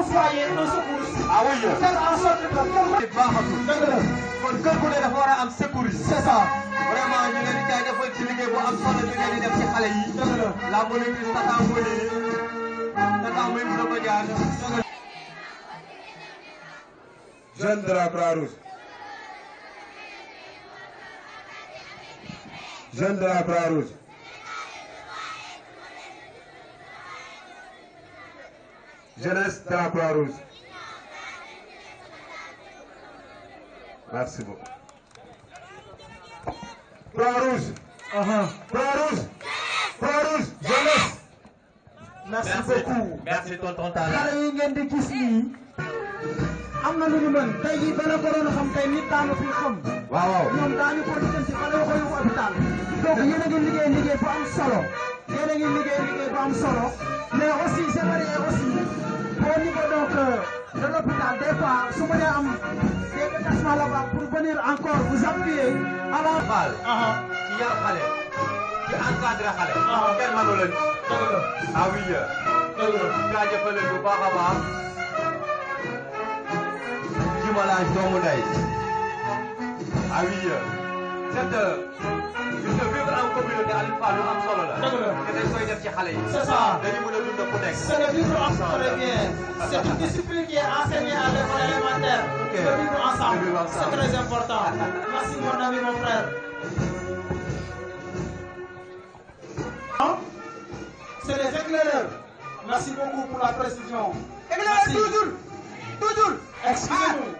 envoyé un secouriste. ah oui yow. faire en sorte que kër. baaxatul dëgg la kon kër bu ne dafa war a am secouriste. c'est ça. vraiment ñu ngi leen di jaay defal ci liggéey bu am solo bi ngeen di def ci xale yi. dëgg la la monitrice Tata Mbodj Tata Mbodj mu doon ko jaar. jeune de la Croix-Rouge. jeune de la Croix-Rouge. jeunesse de la Croix-Rouge. Merci beaucoup. Croix-Rouge. Croix-Rouge. croix di gis nii. am na lu ñu bala ko doon xam tey nit daanu fi xam. waaw waaw ñoom daañu ko di jëm si xale yoo ko yóbbu hôpital. donc yéen a am solo. yéen ngi liggéey liggéey bu am solo mais aussi j'aimerais aussi au niveau donc euh, de l'hôpital des fois su ma am des déplacements là-bas pour venir encore vous appuyer à la balle ci yar xale ci ah ah. encadré xale ah kenn mënu leen ah oui euh. jaajëfal leen bu baax a c'est que juste vivre en communauté Alioune Fall lu am solo la. dëgg la te dañ koy def ci xale yi. c'est ça dañu mën a dund ku nekk. c'est le vivre ensemble bien. c'est une discipline qui est enseignée à l'école élémentaire. ok le vivre ensemble c'est très important. merci mon ami mon frère. c'est les éclaireurs. merci beaucoup pour la précision. éclaireurs toujours toujours. excusez-nous.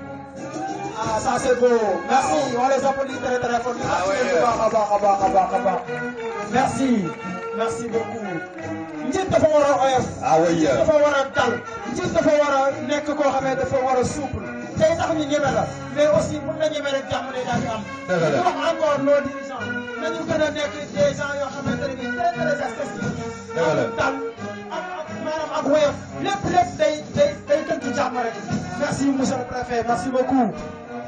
Ah, ça c'est beau. Merci, on les applaudit très très fort. Ah ouais. Merci, merci beaucoup. njiit dafa war a oyof. ah oui njiit dafa war a dal. njiit dafa war a nekk koo xamee dafa war a souple. tey tax ñu ñeme la mais aussi mën na ñeme rek jàmm day daal di am. dëgg la wax encore nos dirigeants nañu gën a nekk des gens yoo xamante ne bii très très accessible. dëgg la dal ak ak maanaam ak woyof lépp lépp day day day tënk jàmm rek. merci monsieur le préfet merci beaucoup.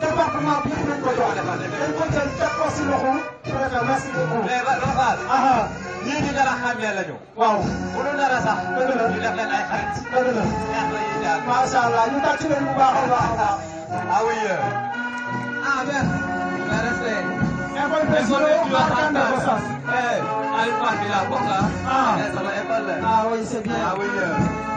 département bi dinañ ko jox dañ ko jël teg ko si loxo préfet merci beaucoup. mais ba Rafaal. Ah, ah. ñii ñu dara xàmmee lañu. waaw bu dul dara sax. dëgg la ñu def leen ay xarit. dëgg la neex na ñuy jaar. macha allah ñu tàcc leen bu baax a baax a baax. ah oui. Euh. ah merci. nga rafet. école pétrolière Markanda Gossas. Eh, Alioune Mar bi laa bokk ah. Eh, ah oui c'est bien ah oui. Euh.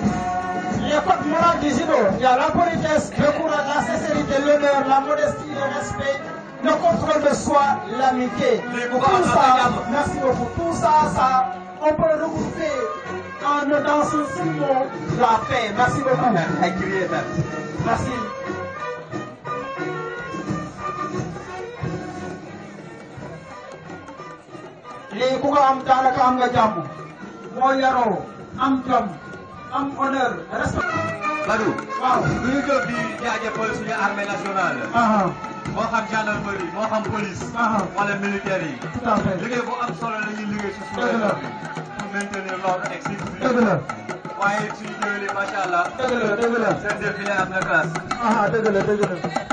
l'école morale des idéaux, il y a la politesse, le courage, la sincérité, l'honneur, la modestie, le respect, le contrôle de soi, l'amitié. Tout ça, merci beaucoup. Tout ça, ça, on peut le regrouper en dans ce symbole la paix. Merci beaucoup. Merci. lii ku ko am daanaka am nga jàmm moo yaroo am jom am honneur respect. Badou. waaw du ñu jóg di jaajëfal suñu armée nationale. Uh-huh. moo xam gendarmerie moo xam police. Uh-huh. wala militaire yi. liggéey bu am solo la ñuy liggéey si suñu réew mi. pour maintenir l'ordre et sécurité. waaye suñu jëlee macha allah. dëgg la dëgg la seen défilé am na classe.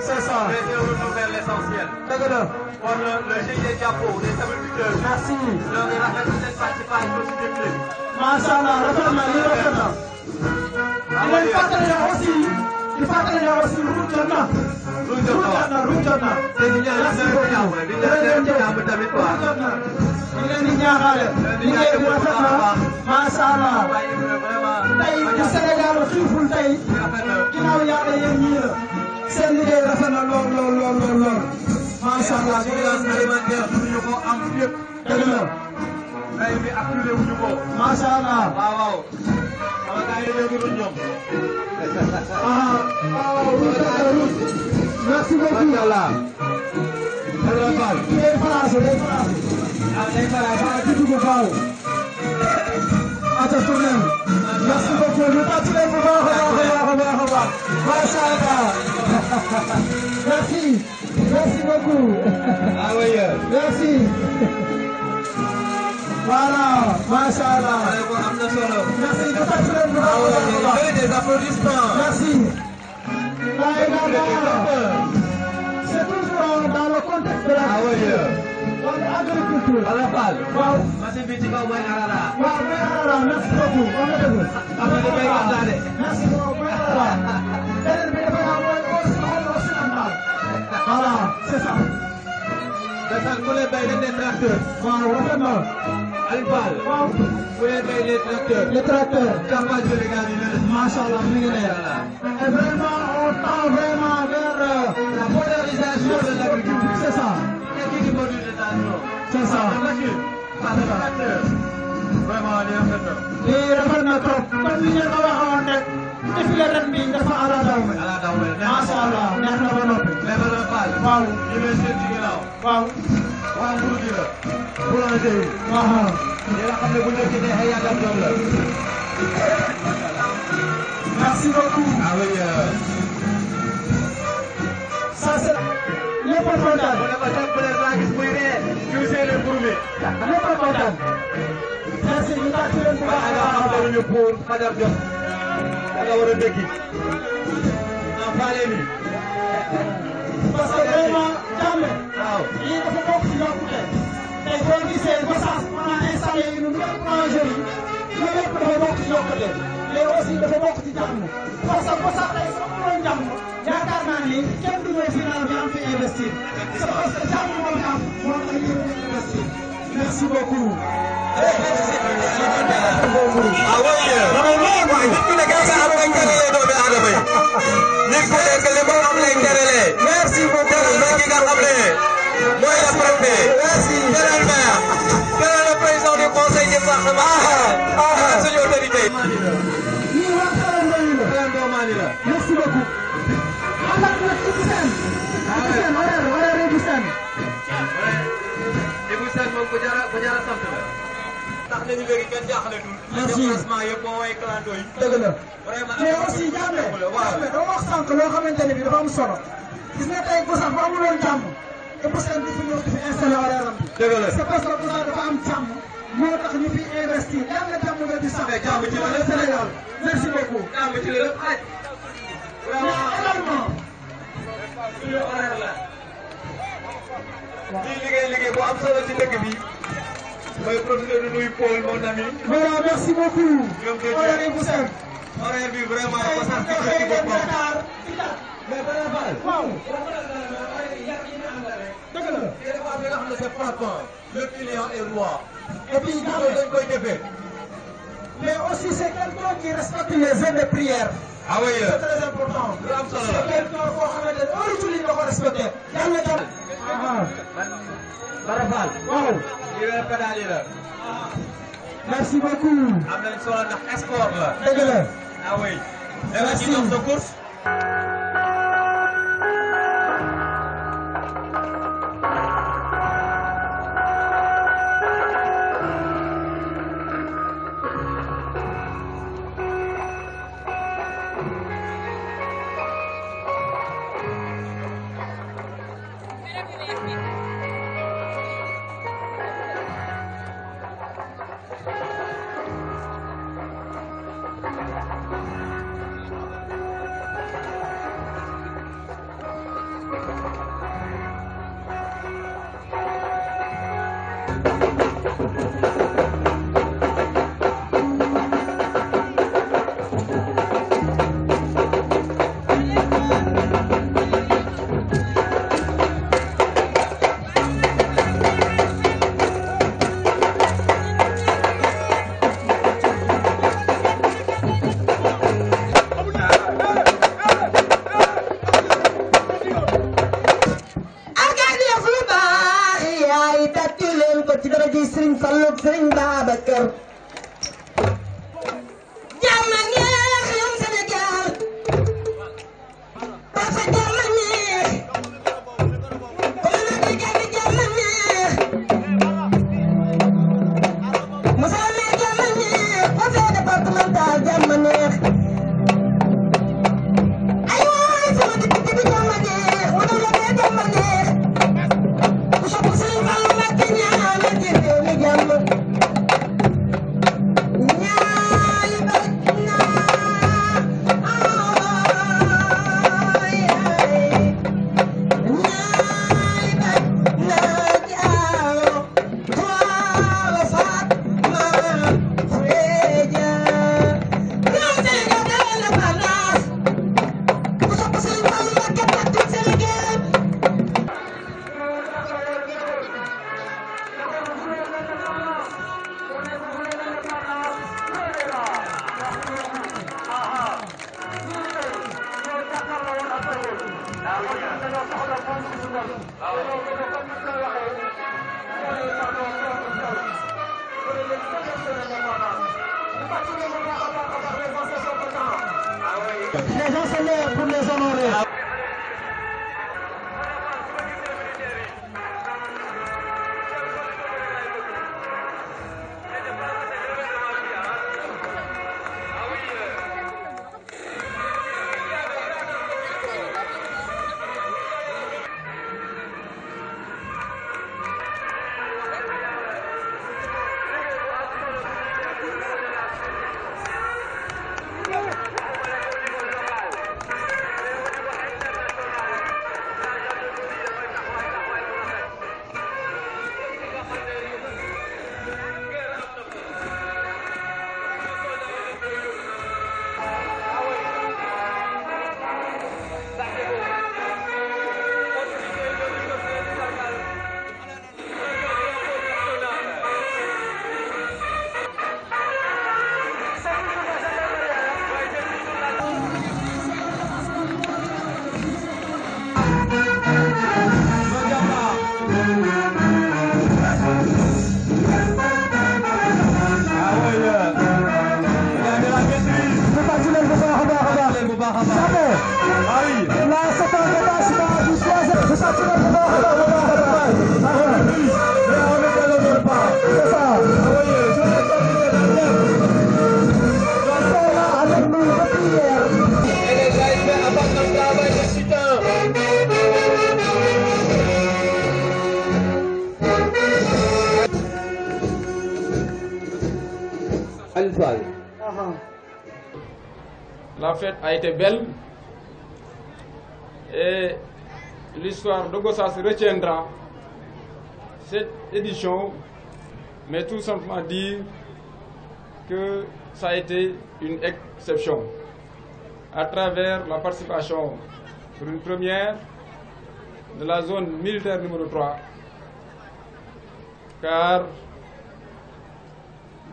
C'est ça. Mais c'est vers l'essentiel. Bon, le, le GIE des sables du cœur. Merci. Leur est la fête de cette partie par une petite épreuve. Mashallah, rafetna li rafetna. di leen fàttali aussi di fàttali aussi ruuj jot na. ruuj jot na ruuj jot na. merci beaucoup. ñu leen di ñaaxaale. liggéey bi rafet na macha allah. tey bu Sénégal xiiful tey. ginnaaw yàlla yéen ñii la. seen liggéey rafet na lool lool lool lool lool. macha allah surveillance alimentaire mënuñu ko am yëpp. dëgg la. mbay mi activé wuñu ko. macha allah waaw waaw. sama gars yi léegi du ñoom. ah, ah waaw ruus merci beaucoup. macha allah. dëgg la Fall. day français day français. ah day français. ah ci dugub Fall. aca tourné merci beaucoup ñu tàcc leen bu baax a baax a baax a baax Merci. Merci beaucoup. Ah oui. Euh. Merci. Voilà, machallah. Merci de t'assurer de ah oui, des applaudissements. Merci. C'est toujours dans le contexte de la ah oui. wala euh. agriculture. wala Fall. waaw. machine bi ci kaw mooy Arara. waaw mooy Arara ah, merci beaucoup. am na dëgg. am na dëgg waaw am na dëgg merci beaucoup mooy Arara. c'est ça. dafa ku lay bay dañ ne tracteur. waaw rafet na. Alphal. waaw ku lay bay les tracteurs. les tracteurs. campagne bi rek daal di mel. macha allah mi ngi lay. et vraiment on tend vraiment vers euh, la modernisation de l'agriculture. c'est ça. technique de modernisation. c'est ça. vraiment lii rafet na trop. comme ni ngeen ko waxoon rek. défilé ren bi dafa ala daw. ala daw macha allah neex na ba noppi. neex na ba noppi. waaw ñu ngi seen ci ginnaaw. waaw. waa Mbour gi la. boulangerie. waaw. yéen a xam ne bu ñu ci neexee yàggal doom la. merci beaucoup. avec. ça c' est. lépp a kontaan. bu dee ba tànk bu dee maa gis muy dee. ñu seelee pour mi. lépp a kontaan. merci ñu tàcc leen bu baax a baax a baax. ñu pour Fajar Diop. nga war a dëkki en faale mi. parce que vraiment waaw lii dafa bokk ci yokkute. tey boo gisee Gossas mën a installé yu nu ñëpp dafa bokk ci yokkute mais aussi dafa bokk ci jàmm. parce que tey soo ko doon yaakaar naa ni kenn du ñëw final bi am fi investir. c'est parce que jàmm moo tax moo tax Merci beaucoup. Merci beaucoup. Merci beaucoup. ku jara ku jara sant la. tax nañu léegi kenn jaaxletul. merci déplacement yëpp boo woowee clando yi. dëgg la vraiment mais aussi jàmme jàmme dama wax sànq loo xamante ne bi dafa am solo. gis nga tey Gossas bu amuloon jàmm. te Gossas du fi ñëw di fi installé horaire am bi. dëgg la c'est parce que Gossas dafa am jàmm. moo tax ñu fi investir yàlla jàmm nga di sax. mais jàmm ci ñuy liggéey liggéey bu am solo ci dëkk bi. mooy professeur de nuyu Paul mon ami. voilà merci beaucoup. ñoom ñoo horaire bu seen. horaire bi vraiment Gossas di jot ci boppam. mais beneen baal. waaw. dëgg la. te dafa am li nga xam ne c'est frappant. le client est roi. et puis dañ koy defee. mais aussi c'est quelqu'un qui respecte les heures de prière. ah oui euh. c'est très important. lu am solo la c'est important koo xamante ne heure julli nga ko respecté. yàlla na jàpp. Ah, ah. Bara Fall. waaw. lii weer pédale yi la. merci beaucoup. am nañu solo ndax sport la. dëgg la. ah oui. merci da nga ci dox sa course. Babacar baax a baax. la fait a été belle et l'histoire de Gossas retiendra cette édition, mais tout simplement dire que ça a été une exception. À travers la participation pour une première de la zone militaire numéro 3, car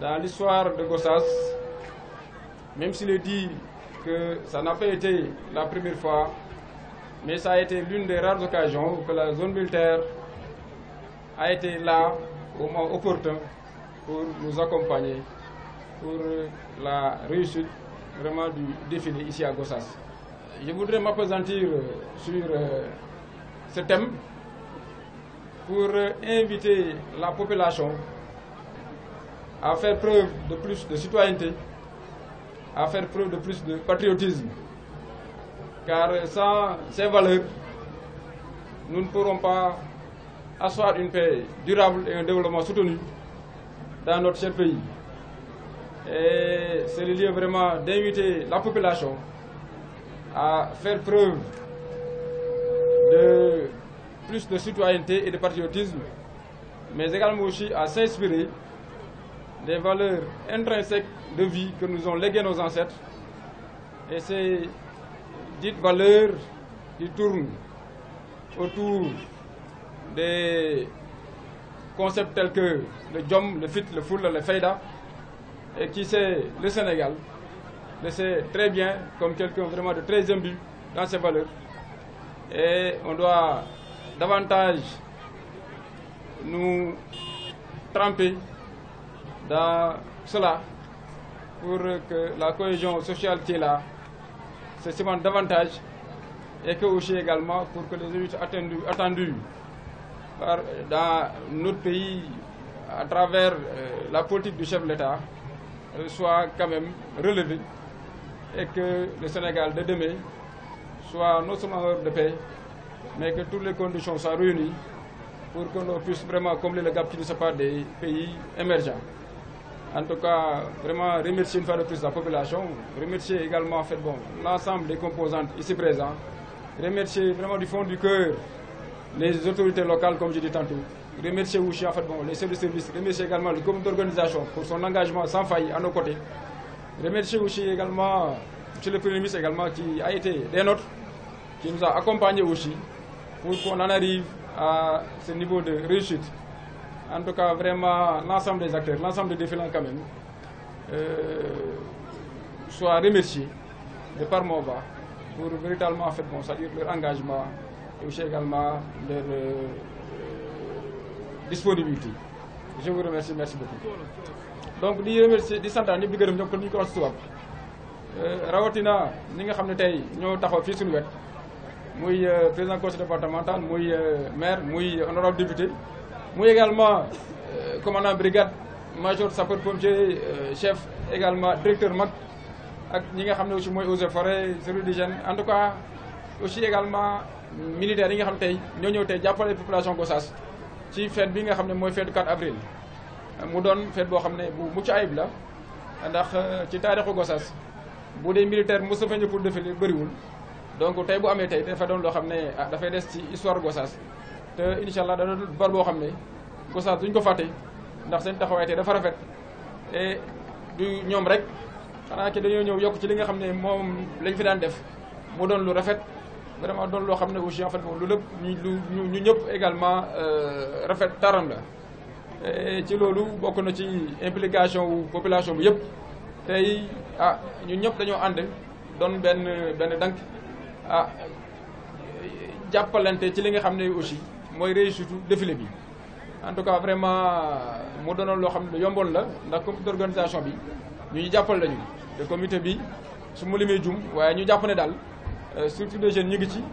dans l'histoire de Gossas, même s'il est dit que ça n'a pas été la première fois, mais ça a été l'une des rares occasions que la zone militaire a été là au opportun pour nous accompagner pour la réussite vraiment du défilé ici à Gossas. Je voudrais m'apesantir sur euh, ce pour inviter la population à faire preuve de plus de citoyenneté à faire preuve de plus de patriotisme. Car sans ces valeurs, nous ne pourrons pas une paix durable et un développement soutenu dans notre cher pays. Et c'est le lieu vraiment d'inviter la population à faire preuve de plus de citoyenneté et de patriotisme, mais également aussi à s'inspirer les valeurs intrinsèques de vie que nous ont léguées nos ancêtres. Et ces dites valeurs qui tournent autour des concepts tels que le Djom, le Fit, le Foul, le Feida, et qui sait le Sénégal, le sait très bien comme quelqu'un vraiment de très imbu dans ses valeurs. Et on doit davantage nous tremper dans cela pour que la cohésion sociale qui est là se davantage et que aussi également pour que les résultats attendus, attendus par, dans notre pays à travers euh, la politique du chef soit l'État euh, soient quand même relevés et que le Sénégal de demain soit non seulement en de paix, mais que toutes les conditions soient réunies pour que l'on puisse vraiment comme le gap qui nous sépare des pays émergents. En tout cas, vraiment remercier une fois de plus la population, remercier également en fait, bon, l'ensemble des composantes ici présents, remercier vraiment du fond du cœur les autorités locales, comme je dis tantôt, remercier aussi en fait, bon, les services de service, remercier également le comité d'organisation pour son engagement sans faille à nos côtés, remercier aussi également M. le Premier ministre également qui a été des nôtres, qui nous a accompagnés aussi pour qu'on en à ce niveau de réussite. en tout cas vraiment l'ensemble des acteurs, l'ensemble des défilants quand même, euh, soient remerciés de par Mova pour véritablement en fait bon, dire leur engagement et aussi également leur euh, disponibilité. Je vous remercie, merci beaucoup. Donc di remercier di santaan ñëpp di gërëm ñoom kon ñu ko wax euh, rawatina ñi nga xam ne tey ñoo taxaw fii suñu wet muy euh, président conseil départemental muy maire muy honorable député mu également, euh, commandant brigade, major sapeur-pompier, euh, chef également, directeur MAC, ak ñi nga xam ne aussi mooy eaux et forêts service d'hygiène en tout cas aussi également militaires yi nga xam tey ñoo ñëw tey jàppale population Gossas ci fête bi nga xam ne mooy fête du avril mu doon fête boo xam ne bu mucc ayib la ndax euh, ci taarixu Gossas bu dee militaire mosu fa ñëw pour défilé bëriwul donc tey bu amee tey dafa doon loo xam ne ah, dafay des ci histoire Gossas te incha allah dana boo xam ne Gossas duñ ko fàtte ndax seen taxawaay te dafa rafet du ñoom rek xanaa ke dañoo ñëw yokk ci li nga xam ne moom lañ fi daan def moo doon lu rafet vraiment doon loo xam ne aussi en fait lu lépp ñu lu ñu ñëpp également euh, rafet taram la. ci loolu bokk na ci implication wu population bi yëpp tey ah ñun ñëpp dañoo ànd doon benn benn dank ah jàppalante ci li nga xam ne aussi. mooy réussite défilé bi en tout cas vraiment mu doonoon loo xam ne yomboon la ndax comité d'organisation bi ñu ñu jàppal lañu te comité bi su ma limee jum waaye ñu jàpp ne daal euh, structure de jeunes ñu ngi ci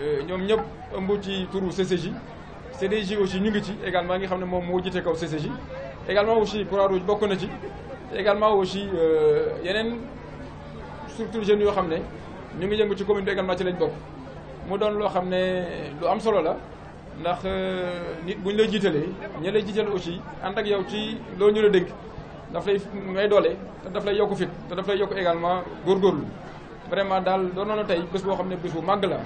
euh, ñoom ñëpp ëmb ci turu CCJ CDJ aussi ñu ngi ci également nga xam ne moom moo jiite kaw CCJ également aussi Croix-Rouge bokk na ci également aussi euh, yeneen structure jeunes yoo xam ne ñu ngi jëng ci commune bi également ci lañ bokk mu doon loo xam ne lu am solo la ndax euh, nit bu ñu la jiitalee ña lay jiital aussi ànd ak yow ci loolu ñu la dégg daf lay ngay doole te daf lay yokk fit te daf lay yokk également góorgóorlu vraiment daal doonoon na tey bés boo xam ne bés bu màgg la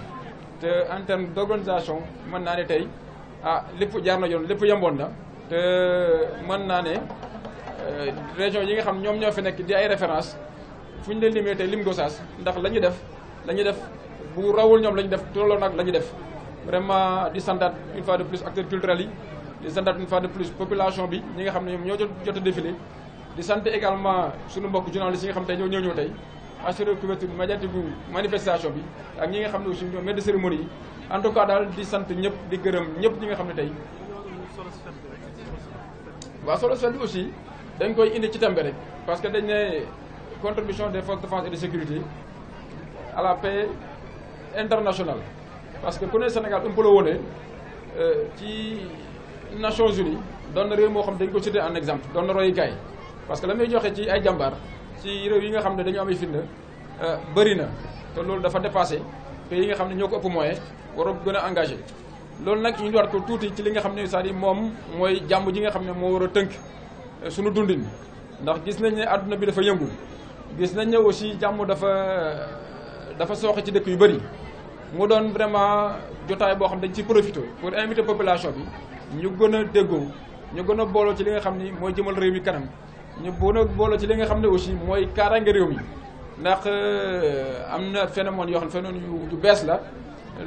te en terme d' organisation mën naa ne tey ah lépp jaar na yoon lépp yemboon na te euh, mën naa ne euh, région yi nga xam ñoom ñoo fi nekk di ay référence fu ñu leen limee tey lim Gossas ndax la ñu def la def bu rawul ñoom la ñu def tolloon ak la ñu def vraiment di santaat une fois de plus acteurs culturels yi di santaat une fois de plus population bi ñi nga xam ne ñoom ñoo jot a défilé di sant également suñu mbokk journalistes yi nga xam ne ñoo ñëw ñëw tey assuré couverture médiatique manifestation bi ak ñi nga xam ne aussi ñoom maître de cérémonie yi en tout cas daal di sant ñëpp di gërëm ñëpp ñi nga xam ne tey waaw solo seen bi aussi dañ koy indi ci tembe rek parce que dañ ne contribution des forces de défense et de à la paix internationale parce que ku ne Sénégal un peu la wone ci Nations Unies doon na réew moo xam ne dañ ko cité en exemple doon na roy gaay parce que damay joxe ci ay jàmbaar ci réew yi nga xam ne dañu am ay fitna euh, bëri na te loolu dafa dépassé pays yi nga xam ne ñoo ko ëpp moyen war a gën a engagé loolu nag ñu doon ko tuuti ci li nga xam ne c'est-à-dire moom mooy jàmm ji nga xam ne moo war a tënk euh, suñu dundin ndax gis nañ ne àdduna bi dafa yëngu gis nañ ne aussi jàmm dafa dafa sooxe ci dëkk yu bëri. mu doon vraiment jotaay boo xam dañ ci profité pour inviter population bi ñu gën a déggoo ñu gën a booloo ci li nga xam ni mooy jëmal réew mi kanam ñu gën a booloo ci li nga xam ne aussi mooy kaaraange réew mi ndax euh, am na phénomène yoo xam ne phénomène yu bees la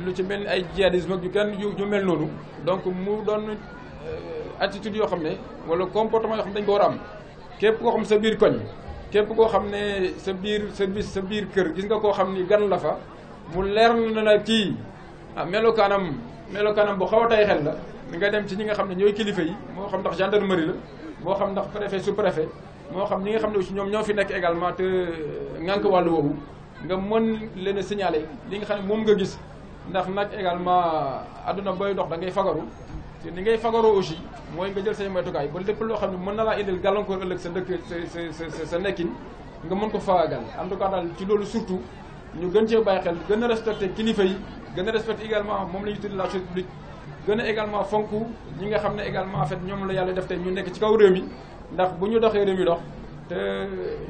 lu ci mel ni ay djihadisme ak yu gan yu mel noonu donc mu doon euh, attitude yoo xam ne wala comportement yoo xam ne dañ ko war am képp koo xam sa biir koñ képp koo xam ne sa biir sa sa biir kër gis nga koo xam ni gan la fa mu leer na la kii ah melokaanam melokaanam bu xaw a tay xel la nga dem ci ñi nga xam ne ñooy kilifa yi moo xam ndax gendarmerie la moo xam ndax préfet sous préfet moo xam ñi nga xam ne aussi ñoom ñoo fi nekk également te euh, ŋànk wàllu woowu nga mën leen a signaler li nga xam ne moom nga gis ndax nag également àdduna booy dox da ngay fagaru te ni ngay fagaroo aussi mooy nga jël say moytukaay ba lépp loo xam ne mën na laa indil gàllankoor ëllëg sa dëkk sa sa sa nga mën ko faagaagal en tout cas daal surtout ñu gën cee bàyyi xel gën a respecté kilifa yi gën a respecté également moom la ñuy tudd la chose gën a également fonk ñi nga xam ne également en fait ñoom la yàlla def tey ñu nekk ci kaw réew mi ndax bu ñu doxee réew mi dox te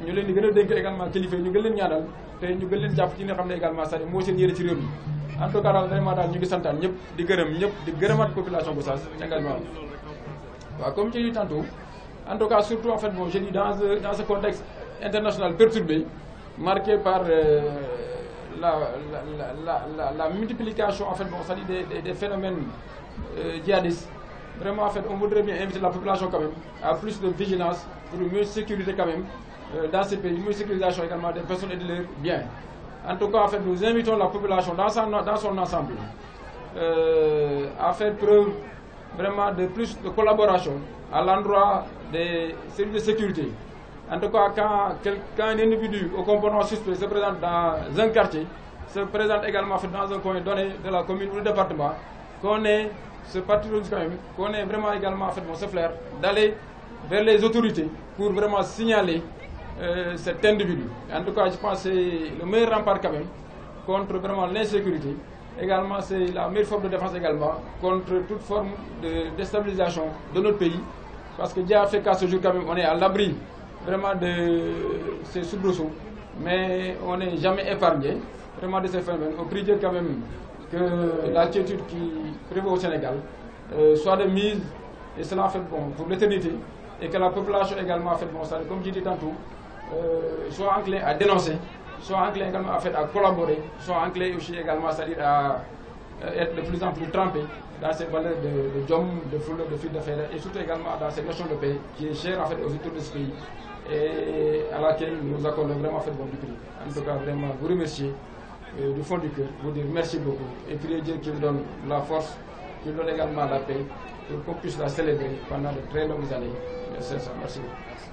ñu leen di gën a dénk également kilifa yi ñu gën leen ñaanal te ñu gën leen jàpp ci nga xam ne également sax moo seen yére ci réew mi en tout cas daal vraiment daal ñu ngi santaan ñëpp di gërëm ñëpp di gërëmaat population la, la, la, la, multiplication en fait, bon, ça dit des, des, des phénomènes euh, djihadistes, vraiment en fait, on voudrait bien inviter la population quand à plus de vigilance pour une meilleure sécurité quand même euh, dans ces pays, une meilleure sécurisation également des personnes et de En tout cas, en fait, nous invitons la population dans son, dans ensemble euh, à faire preuve vraiment de plus de collaboration à l'endroit des services de sécurité. En tout cas, quand, quand un individu au comportement suspect se présente dans un quartier, se présente également dans un coin donné de la commune ou du département, qu'on ait ce parti qu'on ait vraiment également fait mon flair d'aller vers les autorités pour vraiment signaler euh, cet individu. En tout cas, je pense que c'est le meilleur rempart quand contre vraiment l'insécurité. Également, c'est la meilleure forme de défense également contre toute forme de déstabilisation de notre que Dieu a fait qu'à vraiment de ces soubresauts, mais on n'est jamais épargné vraiment de ces phénomènes. On prie Dieu quand même que l'attitude qui prévaut au Sénégal euh, soit de mise et cela fait bon pour l'éternité et que la population également fait bon. Ça, comme je dis tantôt, euh, soit enclin à dénoncer, soit enclin également à, fait, à collaborer, soit enclin aussi également, c'est-à-dire à euh, de plus en de, de de foule, de fuite et surtout également dans ces notions de paix qui est chère en fait et à laquelle nous accordons vraiment fait bon du prix. En tout cas, vraiment, vous remercier euh, du fond du dire merci beaucoup et prier Dieu qu'il donne la force, qu'il donne également la paix pour qu'on puisse la célébrer pendant de très longues années. Merci, merci beaucoup.